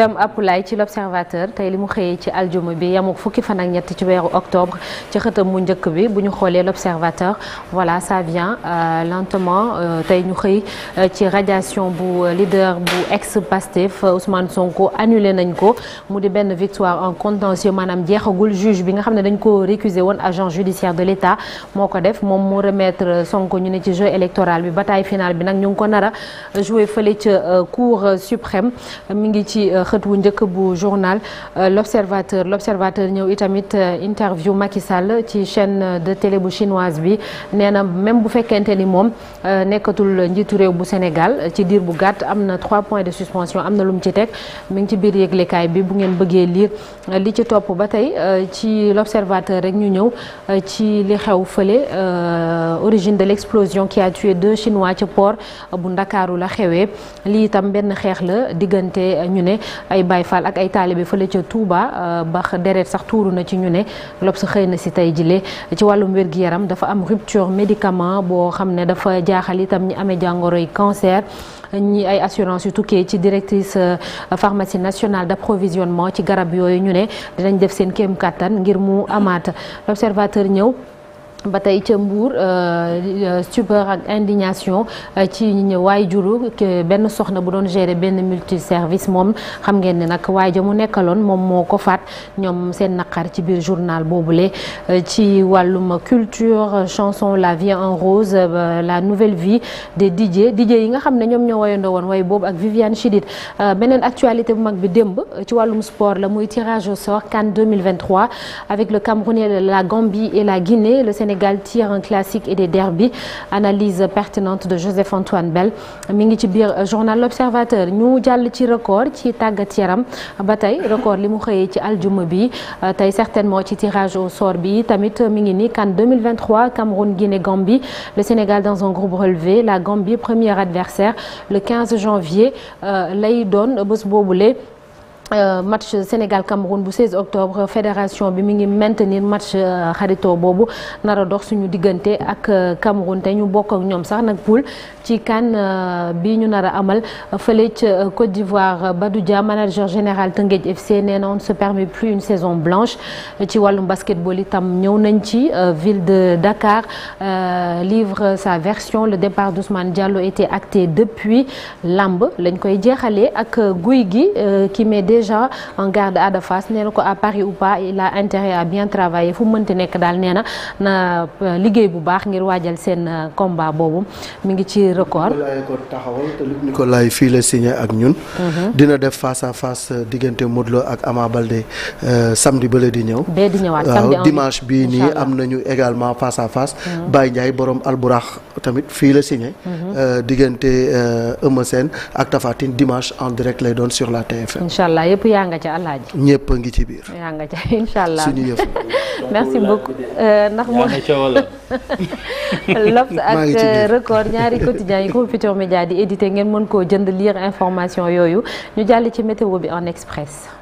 Dame Apulaay ci l'observateur tey li mu xëyee ci aljuma bi yamuk fukki fan ak ñett ci weeru octobre ci xëtam mu njëkk bi bu ñu xoolee l'observateur voilà ça vient euh, lentement euh, tey ñu xëy euh, ci radiation bu leader bu ex Pastef Ousmane Sonko annule nañ ko mu di benn victoire en contentieux maanaam jeexagul juge bi nga xam ne dañ ko récusé woon agent judiciaire de l'État moo ko def moom mu remettre Sonko ñu ne ci jeu électoral bi bataille final bi nag ñu ngi ko nar a joué fële ca xët wu njëkk bu journal euh, l'observateur l'observateur ñëw itamit euh, interview Macky Sall ci chaîne de télé bu chinoise bi nee na même bu fekkente ni moom euh, nekkatul njiitu réew bu Sénégal ci diir bu gàtt am na trois points de suspension am na lu mu ci teg mi ngi ci biir yëglekaay bi bu ngeen bëggee lire li ci topp ba tey ci l'observateur rek ñu ñëw ci li xew fële origine de l'explosion qui a tué deux chinois ci port bu Ndakaaru la xewee lii itam benn xeex la diggante ñu ne ay Baye Fall ak ay taalibe fële ca Touba euh, ba deret sax tuuru na ci ñu ne L'Obs xëy na si tey jile ci wàllum wér-gi-yaram dafa am rupture médicament boo xam ne dafa jaaxal itam ñi amee jàngoro yi cancer ñi ay assurance yu tukkee ci directrice euh, pharmacie nationale d'approvisionnement ci garab yooyu ñu ne dinañ def seen kéem kattan ngir mu amaat l'observateur ñëw ba tey ca Mbour euh, euh, stupeur ak indignation euh, ci waay juru benn soxna bu doon gérer benn multiservice moom xam ngeen ne nag waay ja mu nekkaloon moom moo ko faat ñoom seen naqar ci biir journal le ci wàllum culture chanson La vie en rose la nouvelle vie de DJ DJ yi nga xam ne ñoom ñoo woyandoo woon way boobu ak Viviane Chidid beneen actualité bu mag bi démb ci wàllum sport la muy tirage au sort CAN 2023 avec le Cameroun la Gambie et la Guinée Sénégal tire un classique et des derbies analyse pertinente de Joseph Antoine Bell mi ngi ci biir journal L'Observateur ñu jàll ci record ci tàggat yaram ba tey record li mu xëyee ci aljuma bi tey certainement ci tirage au sort bi tamit mi ngi ni CAN 2023 Cameroun Guinée Gambie le Sénégal dans un groupe relevé la Gambie premier adversaire le 15 janvier euh, lay doon bés boobule Euh, match Sénégal Cameroun bu 16 octobre fédération bi mu ngi maintenir match euh, xaritoo boobu nar a dox suñu diggante ak euh, Cameroun te ñu bokk ak ñoom sax nag poule ci kan euh, bi ñu nar a amal fële ca Côte d'Ivoire Badou Dia manager général Teungueth FC nee na on ne se permet plus une saison blanche ci wàllum basketball itam ñëw nañ ci ville de Dakar euh, livre sa version le départ d'Ousmane Diallo était acté depuis lamb lañ koy jeexalee ak guy gi qui met Jean en garde à Ada Fass nee na ko à Paris ou pas il a intérêt à bien travailler fu mu mënti nekk daal nee na na euh, liggéey bu baax ngir waajal seen euh, combat boobu mi ngi ci record. ko taxawal te Nicolas la signé ak ñun. Mhm. dina def face a face euh, diggante Modou Lo ak Ama Baldé samedi bële di ñëw. bee di ñëwaat samedi waaw dimanche bii nii am nañu également face a face. Mhm. Baye Ndiaye borom alburax tamit fii la signé. Mhm. diggante Eumeu Sène ak Tapha Tine dimanche en direct lay doon sur la TFM. yëpp yaa nga ca alaaji ñëpp a ngi ci biir. yaa nga ca incha allah suñu yëf. merci beaucoup euh, ndax moo L'Obs ak euh, record ñaari quotidien yi ko Futurs Médias di édité ngeen mën koo jënd lire information yooyu ñu jàll ci météo bi en express.